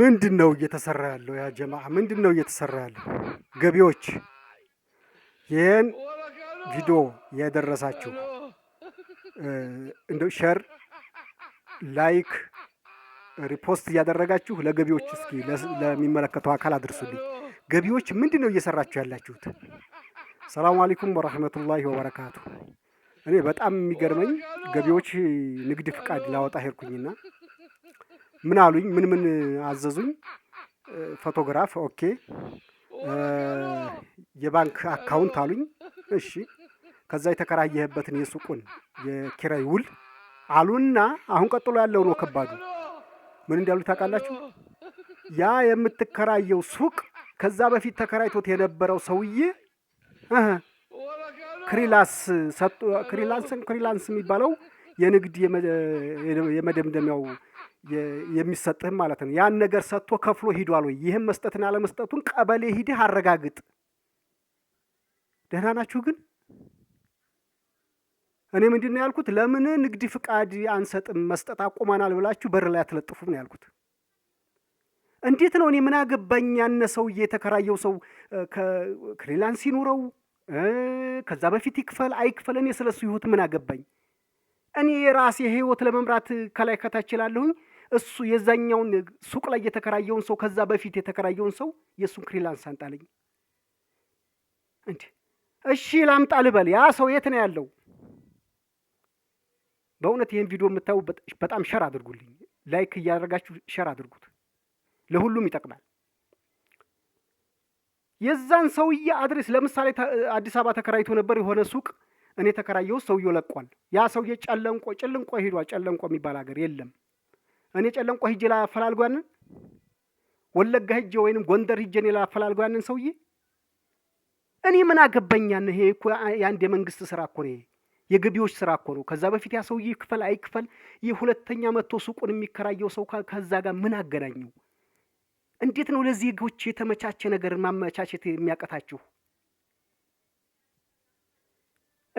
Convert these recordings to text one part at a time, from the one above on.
ምንድን ነው እየተሰራ ያለው? ያ ጀማ ምንድን ነው እየተሰራ ያለው? ገቢዎች ይህን ቪዲዮ የደረሳችሁ እንደ ሸር፣ ላይክ፣ ሪፖስት እያደረጋችሁ ለገቢዎች እስኪ ለሚመለከተው አካል አድርሱልኝ። ገቢዎች ምንድን ነው እየሰራችሁ ያላችሁት? ሰላሙ አለይኩም ወረህመቱላሂ ወበረካቱ። እኔ በጣም የሚገርመኝ ገቢዎች ንግድ ፍቃድ ላወጣ ሄድኩኝና ምን አሉኝ፣ ምን ምን አዘዙኝ? ፎቶግራፍ ኦኬ፣ የባንክ አካውንት አሉኝ። እሺ፣ ከዛ የተከራየህበትን የሱቁን የኪራይ ውል አሉና አሁን ቀጥሎ ያለው ነው ከባዱ። ምን እንዳሉ ታውቃላችሁ? ያ የምትከራየው ሱቅ ከዛ በፊት ተከራይቶት የነበረው ሰውዬ ክሪላንስ ክሪላንስ የሚባለው የንግድ የመደምደሚያው የሚሰጥህ ማለት ነው። ያን ነገር ሰጥቶ ከፍሎ ሂዷል ወይ? ይህም መስጠትን አለመስጠቱን ቀበሌ ሂድህ አረጋግጥ። ደህና ናችሁ ግን እኔ ምንድን ነው ያልኩት? ለምን ንግድ ፍቃድ አንሰጥም መስጠት አቁመናል ብላችሁ በር ላይ አትለጥፉም ነው ያልኩት። እንዴት ነው እኔ ምን አገባኝ? ያነ ሰውዬ የተከራየው ሰው ክሊራንስ ሲኖረው ከዛ በፊት ይክፈል አይክፈል፣ እኔ ስለሱ ይሁት ምን አገባኝ? እኔ የራሴ ህይወት ለመምራት ከላይ ከታች እሱ የዛኛውን ሱቅ ላይ የተከራየውን ሰው ከዛ በፊት የተከራየውን ሰው የእሱን ክሪላንስ አንጣለኝ እንዴ እሺ ላምጣ ልበል። ያ ሰው የት ነው ያለው? በእውነት ይህን ቪዲዮ የምታዩ በጣም ሸር አድርጉልኝ። ላይክ እያደረጋችሁ ሸር አድርጉት፣ ለሁሉም ይጠቅማል። የዛን ሰውዬ አድሬስ ለምሳሌ አዲስ አበባ ተከራይቶ ነበር የሆነ ሱቅ እኔ ተከራየው፣ ሰውዬው ለቋል። ያ ሰውዬ ጨለንቆ ጭልንቆ ሄዷል። ጨለንቆ የሚባል ሀገር የለም። እኔ ጨለንቆ ሂጄ ላፈላልጓንን ወለጋ ሂጄ ወይንም ጎንደር ሂጄ እኔ ላፈላልጓንን ሰውዬ እኔ ምን አገባኛን? ይሄ እኮ የአንድ የመንግስት ስራ እኮ ነው። የገቢዎች ስራ እኮ ነው። ከዛ በፊት ያ ሰውዬ ይክፈል አይክፈል፣ ይህ ሁለተኛ መጥቶ ሱቁን የሚከራየው ሰው ከዛ ጋር ምን አገናኘው? እንዴት ነው ለዜጎች የተመቻቸ ነገር ማመቻቸት የሚያቀታችሁ?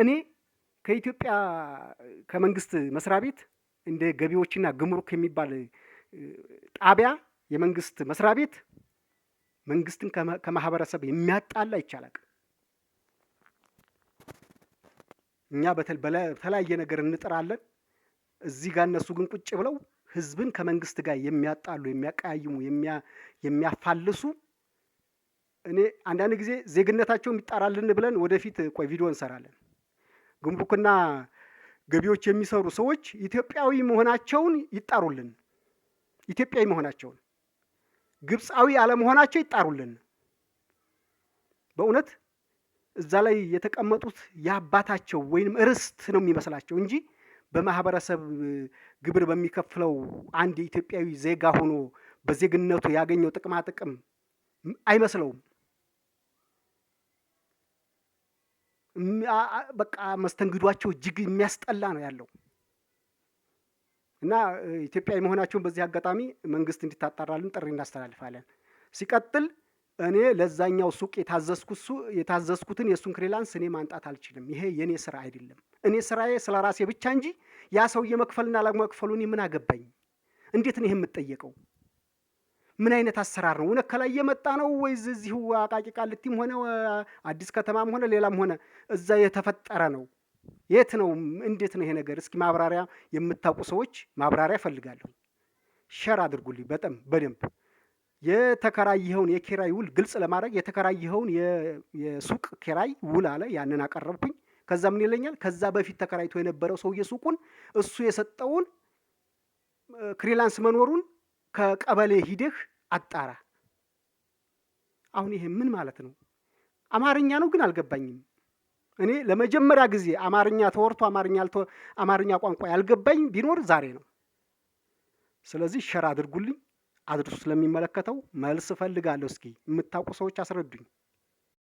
እኔ ከኢትዮጵያ ከመንግስት መስሪያ ቤት እንደ ገቢዎችና ግምሩክ የሚባል ጣቢያ የመንግስት መስሪያ ቤት መንግስትን ከማህበረሰብ የሚያጣላ ይቻላል። እኛ በተለያየ ነገር እንጥራለን። እዚህ ጋር እነሱ ግን ቁጭ ብለው ህዝብን ከመንግስት ጋር የሚያጣሉ፣ የሚያቀያይሙ፣ የሚያፋልሱ እኔ አንዳንድ ጊዜ ዜግነታቸውም ይጣራልን ብለን ወደፊት ቆይ ቪዲዮ እንሰራለን። ግምሩክና ገቢዎች የሚሰሩ ሰዎች ኢትዮጵያዊ መሆናቸውን ይጣሩልን። ኢትዮጵያዊ መሆናቸውን፣ ግብፃዊ አለመሆናቸው ይጣሩልን። በእውነት እዛ ላይ የተቀመጡት የአባታቸው ወይም ርስት ነው የሚመስላቸው እንጂ በማህበረሰብ ግብር በሚከፍለው አንድ የኢትዮጵያዊ ዜጋ ሆኖ በዜግነቱ ያገኘው ጥቅማጥቅም አይመስለውም። በቃ መስተንግዷቸው እጅግ የሚያስጠላ ነው ያለው እና ኢትዮጵያ የመሆናቸውን በዚህ አጋጣሚ መንግስት እንዲታጣራልን ጥሪ እናስተላልፋለን። ሲቀጥል እኔ ለዛኛው ሱቅ የታዘዝኩትን የእሱን ክሪላንስ እኔ ማንጣት አልችልም። ይሄ የእኔ ስራ አይደለም። እኔ ስራዬ ስለ ራሴ ብቻ እንጂ ያ ሰውዬ መክፈልና ላመክፈሉን ምን አገባኝ? እንዴት ነው ይህ የምጠየቀው? ምን አይነት አሰራር ነው? እውነት ከላይ የመጣ ነው ወይስ እዚሁ አቃቂ ቃሊቲም ሆነ አዲስ ከተማም ሆነ ሌላም ሆነ እዛ የተፈጠረ ነው? የት ነው? እንዴት ነው ይሄ ነገር? እስኪ ማብራሪያ የምታውቁ ሰዎች ማብራሪያ እፈልጋለሁ። ሸር አድርጉልኝ በጣም በደንብ የተከራይኸውን የኪራይ ውል ግልጽ ለማድረግ የተከራይኸውን የሱቅ ኪራይ ውል አለ። ያንን አቀረብኩኝ። ከዛ ምን ይለኛል? ከዛ በፊት ተከራይቶ የነበረው ሰውዬ ሱቁን እሱ የሰጠውን ክሪላንስ መኖሩን ከቀበሌ ሂደህ አጣራ። አሁን ይሄ ምን ማለት ነው? አማርኛ ነው ግን አልገባኝም። እኔ ለመጀመሪያ ጊዜ አማርኛ ተወርቶ አማርኛ አማርኛ ቋንቋ ያልገባኝ ቢኖር ዛሬ ነው። ስለዚህ ሸር አድርጉልኝ፣ አድርሱ። ስለሚመለከተው መልስ እፈልጋለሁ። እስኪ የምታውቁ ሰዎች አስረዱኝ።